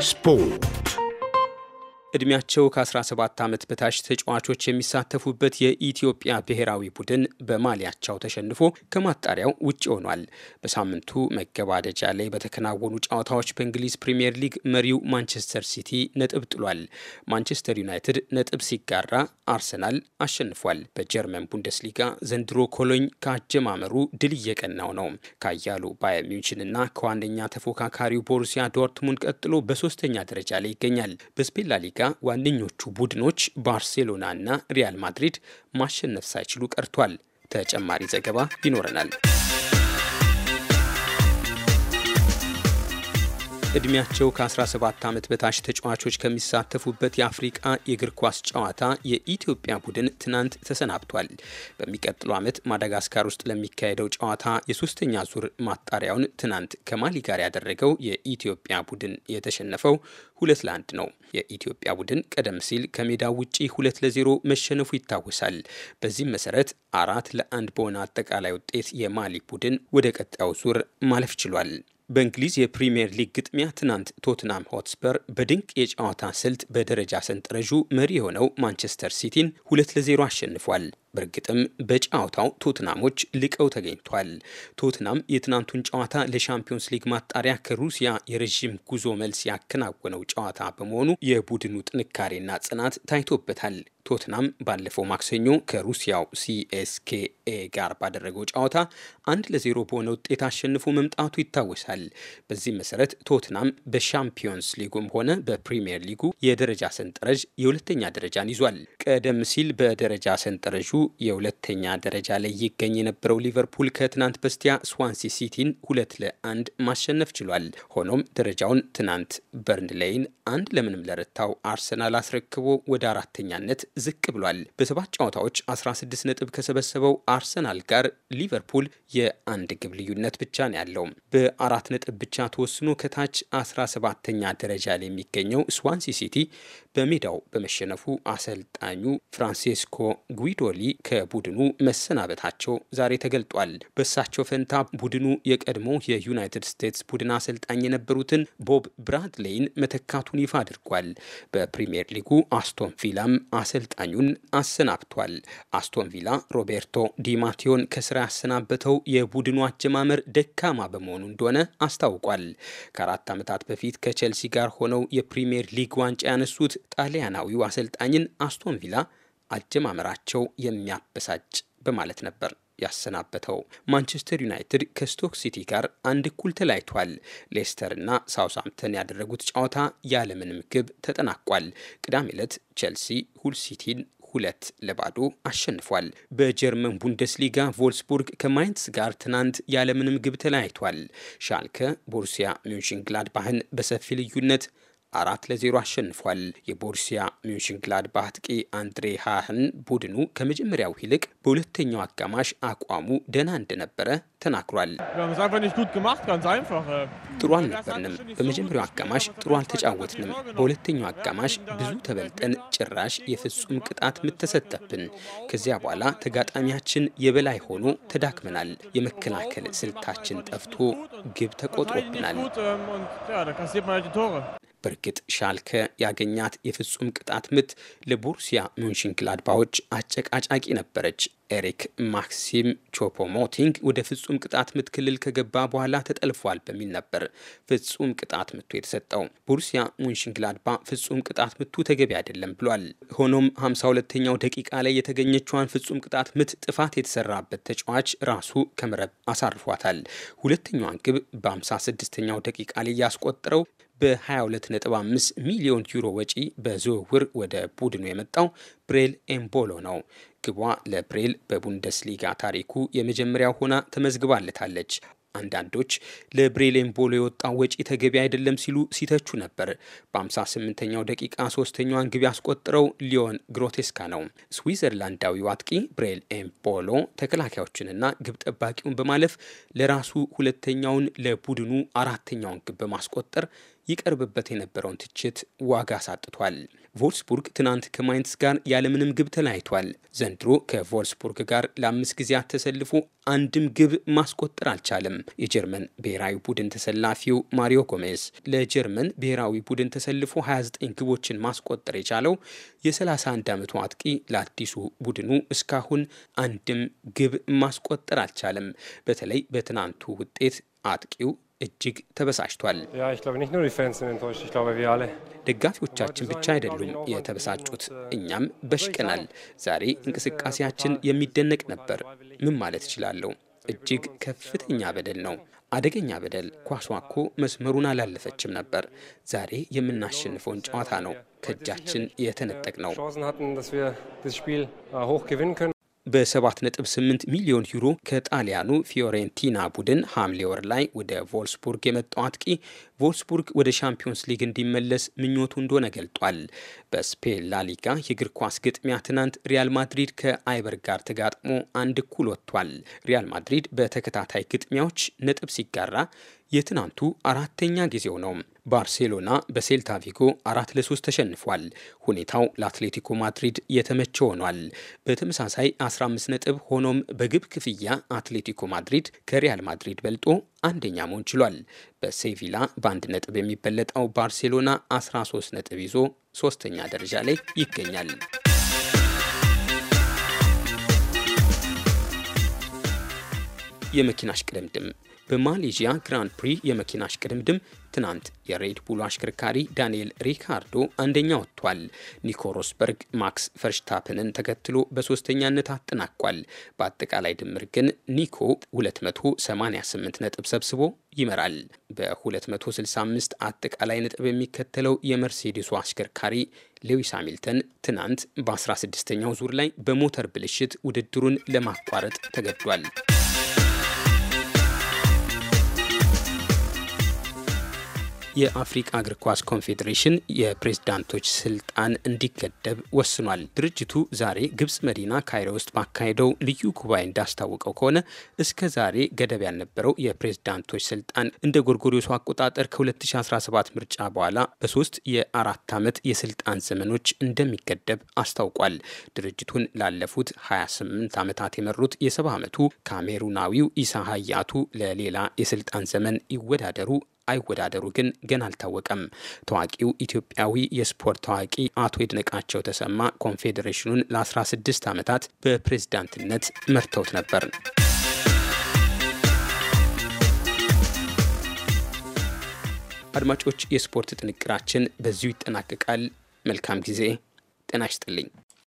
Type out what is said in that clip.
Sport. እድሜያቸው ከ17 ዓመት በታች ተጫዋቾች የሚሳተፉበት የኢትዮጵያ ብሔራዊ ቡድን በማሊያቸው ተሸንፎ ከማጣሪያው ውጭ ሆኗል። በሳምንቱ መገባደጃ ላይ በተከናወኑ ጨዋታዎች በእንግሊዝ ፕሪምየር ሊግ መሪው ማንቸስተር ሲቲ ነጥብ ጥሏል። ማንቸስተር ዩናይትድ ነጥብ ሲጋራ አርሰናል አሸንፏል። በጀርመን ቡንደስሊጋ ዘንድሮ ኮሎኝ ከአጀማመሩ ድል እየቀናው ነው። ካያሉ ባየር ሚንሽንና ከዋነኛ ተፎካካሪው ቦሩሲያ ዶርትሙንድ ቀጥሎ በሶስተኛ ደረጃ ላይ ይገኛል። በስፔን ላሊጋ ዋነኞቹ ቡድኖች ባርሴሎና እና ሪያል ማድሪድ ማሸነፍ ሳይችሉ ቀርቷል። ተጨማሪ ዘገባ ይኖረናል። እድሜያቸው ከ17 ዓመት በታች ተጫዋቾች ከሚሳተፉበት የአፍሪቃ የእግር ኳስ ጨዋታ የኢትዮጵያ ቡድን ትናንት ተሰናብቷል። በሚቀጥለው ዓመት ማዳጋስካር ውስጥ ለሚካሄደው ጨዋታ የሶስተኛ ዙር ማጣሪያውን ትናንት ከማሊ ጋር ያደረገው የኢትዮጵያ ቡድን የተሸነፈው ሁለት ለአንድ ነው። የኢትዮጵያ ቡድን ቀደም ሲል ከሜዳው ውጪ ሁለት ለዜሮ መሸነፉ ይታወሳል። በዚህም መሰረት አራት ለአንድ በሆነ አጠቃላይ ውጤት የማሊ ቡድን ወደ ቀጣዩ ዙር ማለፍ ችሏል። በእንግሊዝ የፕሪምየር ሊግ ግጥሚያ ትናንት ቶትናም ሆትስፐር በድንቅ የጨዋታ ስልት በደረጃ ሰንጠረዡ መሪ የሆነው ማንቸስተር ሲቲን ሁለት ለዜሮ አሸንፏል። በእርግጥም በጨዋታው ቶትናሞች ልቀው ተገኝቷል። ቶትናም የትናንቱን ጨዋታ ለሻምፒዮንስ ሊግ ማጣሪያ ከሩሲያ የረዥም ጉዞ መልስ ያከናወነው ጨዋታ በመሆኑ የቡድኑ ጥንካሬና ጽናት ታይቶበታል። ቶትናም ባለፈው ማክሰኞ ከሩሲያው ሲኤስኬኤ ጋር ባደረገው ጨዋታ አንድ ለዜሮ በሆነ ውጤት አሸንፎ መምጣቱ ይታወሳል። በዚህም መሰረት ቶትናም በሻምፒዮንስ ሊጉም ሆነ በፕሪምየር ሊጉ የደረጃ ሰንጠረዥ የሁለተኛ ደረጃን ይዟል። ቀደም ሲል በደረጃ ሰንጠረዡ የሁለተኛ ደረጃ ላይ ይገኝ የነበረው ሊቨርፑል ከትናንት በስቲያ ስዋንሲ ሲቲን ሁለት ለአንድ ማሸነፍ ችሏል። ሆኖም ደረጃውን ትናንት በርንሌይን አንድ ለምንም ለረታው አርሰናል አስረክቦ ወደ አራተኛነት ዝቅ ብሏል። በሰባት ጨዋታዎች 16 ነጥብ ከሰበሰበው አርሰናል ጋር ሊቨርፑል የአንድ ግብ ልዩነት ብቻ ነው ያለው። በአራት ነጥብ ብቻ ተወስኖ ከታች 17ተኛ ደረጃ ላይ የሚገኘው ስዋንሲ ሲቲ በሜዳው በመሸነፉ አሰልጣኙ ፍራንሴስኮ ጉዊዶሊ ከቡድኑ መሰናበታቸው ዛሬ ተገልጧል። በሳቸው ፈንታ ቡድኑ የቀድሞ የዩናይትድ ስቴትስ ቡድን አሰልጣኝ የነበሩትን ቦብ ብራድሌይን መተካቱን ይፋ አድርጓል። በፕሪምየር ሊጉ አስቶን ቪላም አሰል አሰልጣኙን አሰናብቷል። አስቶን ቪላ ሮቤርቶ ዲማቴዮን ከስራ ያሰናበተው የቡድኑ አጀማመር ደካማ በመሆኑ እንደሆነ አስታውቋል። ከአራት ዓመታት በፊት ከቼልሲ ጋር ሆነው የፕሪምየር ሊግ ዋንጫ ያነሱት ጣሊያናዊው አሰልጣኝን አስቶን ቪላ አጀማመራቸው የሚያበሳጭ በማለት ነበር ያሰናበተው። ማንቸስተር ዩናይትድ ከስቶክ ሲቲ ጋር አንድ እኩል ተለያይቷል። ሌስተር ሌስተርና ሳውስሃምፕተን ያደረጉት ጨዋታ ያለምንም ግብ ተጠናቋል። ቅዳሜ ዕለት ቼልሲ ሁል ሲቲን ሁለት ለባዶ አሸንፏል። በጀርመን ቡንደስሊጋ ቮልስቡርግ ከማይንስ ጋር ትናንት ያለምንም ግብ ተለያይቷል። ሻልከ ቦሩሲያ ሚንሽንግላድ ባህን በሰፊ ልዩነት አራት ለዜሮ አሸንፏል። የቦሩሲያ ሚንሽንግላድባህ አጥቂ አንድሬ ሃህን ቡድኑ ከመጀመሪያው ይልቅ በሁለተኛው አጋማሽ አቋሙ ደህና እንደነበረ ተናግሯል። ጥሩ አልነበርንም። በመጀመሪያው አጋማሽ ጥሩ አልተጫወትንም። በሁለተኛው አጋማሽ ብዙ ተበልጠን ጭራሽ የፍጹም ቅጣት ምተሰጠብን። ከዚያ በኋላ ተጋጣሚያችን የበላይ ሆኖ ተዳክመናል። የመከላከል ስልታችን ጠፍቶ ግብ ተቆጥሮብናል። በእርግጥ ሻልከ ያገኛት የፍጹም ቅጣት ምት ለቦሩሲያ ሙንሽንግላድባዎች አጨቃጫቂ ነበረች። ኤሪክ ማክሲም ቾፖሞቲንግ ወደ ፍጹም ቅጣት ምት ክልል ከገባ በኋላ ተጠልፏል በሚል ነበር ፍጹም ቅጣት ምቱ የተሰጠው። ቦሩሲያ ሞንሽንግላድባ ፍጹም ቅጣት ምቱ ተገቢ አይደለም ብሏል። ሆኖም 52ኛው ደቂቃ ላይ የተገኘችዋን ፍጹም ቅጣት ምት ጥፋት የተሰራበት ተጫዋች ራሱ ከመረብ አሳርፏታል። ሁለተኛዋን ግብ በ56ኛው ደቂቃ ላይ ያስቆጠረው በ22.5 ሚሊዮን ዩሮ ወጪ በዝውውር ወደ ቡድኑ የመጣው ብሬል ኤምቦሎ ነው። ግቧ ለብሬል በቡንደስሊጋ ታሪኩ የመጀመሪያው ሆና ተመዝግባለታለች። አንዳንዶች ኤምቦሎ የወጣው ወጪ ተገቢ አይደለም ሲሉ ሲተቹ ነበር። በ58ኛው ደቂቃ ሶስተኛዋን ግብ ያስቆጠረው ሊዮን ግሮቴስካ ነው። ስዊዘርላንዳዊው አጥቂ ኤምቦሎ ተከላካዮችንና ግብ ጠባቂውን በማለፍ ለራሱ ሁለተኛውን ለቡድኑ አራተኛውን ግብ በማስቆጠር ይቀርብበት የነበረውን ትችት ዋጋ አሳጥቷል። ቮልስቡርግ ትናንት ከማይንስ ጋር ያለምንም ግብ ተለያይቷል። ዘንድሮ ከቮልስቡርግ ጋር ለአምስት ጊዜያት ተሰልፎ አንድም ግብ ማስቆጠር አልቻለም። የጀርመን ብሔራዊ ቡድን ተሰላፊው ማሪዮ ጎሜዝ ለጀርመን ብሔራዊ ቡድን ተሰልፎ 29 ግቦችን ማስቆጠር የቻለው የ31 ዓመቱ አጥቂ ለአዲሱ ቡድኑ እስካሁን አንድም ግብ ማስቆጠር አልቻለም። በተለይ በትናንቱ ውጤት አጥቂው እጅግ ተበሳጭቷል። ደጋፊዎቻችን ብቻ አይደሉም የተበሳጩት፣ እኛም በሽቀናል። ዛሬ እንቅስቃሴያችን የሚደነቅ ነበር። ምን ማለት እችላለሁ? እጅግ ከፍተኛ በደል ነው። አደገኛ በደል። ኳሷ እኮ መስመሩን አላለፈችም ነበር። ዛሬ የምናሸንፈውን ጨዋታ ነው ከእጃችን የተነጠቅ ነው። በ7.8 ሚሊዮን ዩሮ ከጣሊያኑ ፊዮሬንቲና ቡድን ሐምሌ ወር ላይ ወደ ቮልስቡርግ የመጣው አጥቂ ቮልስቡርግ ወደ ሻምፒዮንስ ሊግ እንዲመለስ ምኞቱ እንደሆነ ገልጧል። በስፔን ላሊጋ የእግር ኳስ ግጥሚያ ትናንት ሪያል ማድሪድ ከአይበር ጋር ተጋጥሞ አንድ እኩል ወጥቷል። ሪያል ማድሪድ በተከታታይ ግጥሚያዎች ነጥብ ሲጋራ የትናንቱ አራተኛ ጊዜው ነው። ባርሴሎና በሴልታ ቪጎ አራት ለሶስት ተሸንፏል። ሁኔታው ለአትሌቲኮ ማድሪድ የተመቸ ሆኗል። በተመሳሳይ 15 ነጥብ ሆኖም በግብ ክፍያ አትሌቲኮ ማድሪድ ከሪያል ማድሪድ በልጦ አንደኛ መሆን ችሏል። በሴቪላ በአንድ ነጥብ የሚበለጠው ባርሴሎና 13 ነጥብ ይዞ ሶስተኛ ደረጃ ላይ ይገኛል። የመኪና አሽቅድምድም በማሌዥያ ግራንድ ፕሪ የመኪና አሽቅድምድም ትናንት የሬድ ቡሉ አሽከርካሪ ዳንኤል ሪካርዶ አንደኛ ወጥቷል። ኒኮ ሮስበርግ ማክስ ፈርሽታፕንን ተከትሎ በሶስተኛነት አጠናቋል። በአጠቃላይ ድምር ግን ኒኮ 288 ነጥብ ሰብስቦ ይመራል። በ265 አጠቃላይ ነጥብ የሚከተለው የመርሴዲሱ አሽከርካሪ ሌዊስ ሃሚልተን ትናንት በ16ኛው ዙር ላይ በሞተር ብልሽት ውድድሩን ለማቋረጥ ተገዷል። የአፍሪቃ እግር ኳስ ኮንፌዴሬሽን የፕሬዝዳንቶች ስልጣን እንዲገደብ ወስኗል። ድርጅቱ ዛሬ ግብጽ መዲና ካይሮ ውስጥ ባካሄደው ልዩ ጉባኤ እንዳስታወቀው ከሆነ እስከ ዛሬ ገደብ ያልነበረው የፕሬዝዳንቶች ስልጣን እንደ ጎርጎሪዮሱ አቆጣጠር ከ2017 ምርጫ በኋላ በሶስት የአራት ዓመት የስልጣን ዘመኖች እንደሚገደብ አስታውቋል። ድርጅቱን ላለፉት 28 ዓመታት የመሩት የ70 ዓመቱ ካሜሩናዊው ኢሳ ሀያቱ ለሌላ የስልጣን ዘመን ይወዳደሩ አይወዳደሩ ግን ገና አልታወቀም። ታዋቂው ኢትዮጵያዊ የስፖርት ታዋቂ አቶ ይድነቃቸው ተሰማ ኮንፌዴሬሽኑን ለ16 ዓመታት በፕሬዝዳንትነት መርተውት ነበር። አድማጮች፣ የስፖርት ጥንቅራችን በዚሁ ይጠናቀቃል። መልካም ጊዜ። ጤና ይስጥልኝ።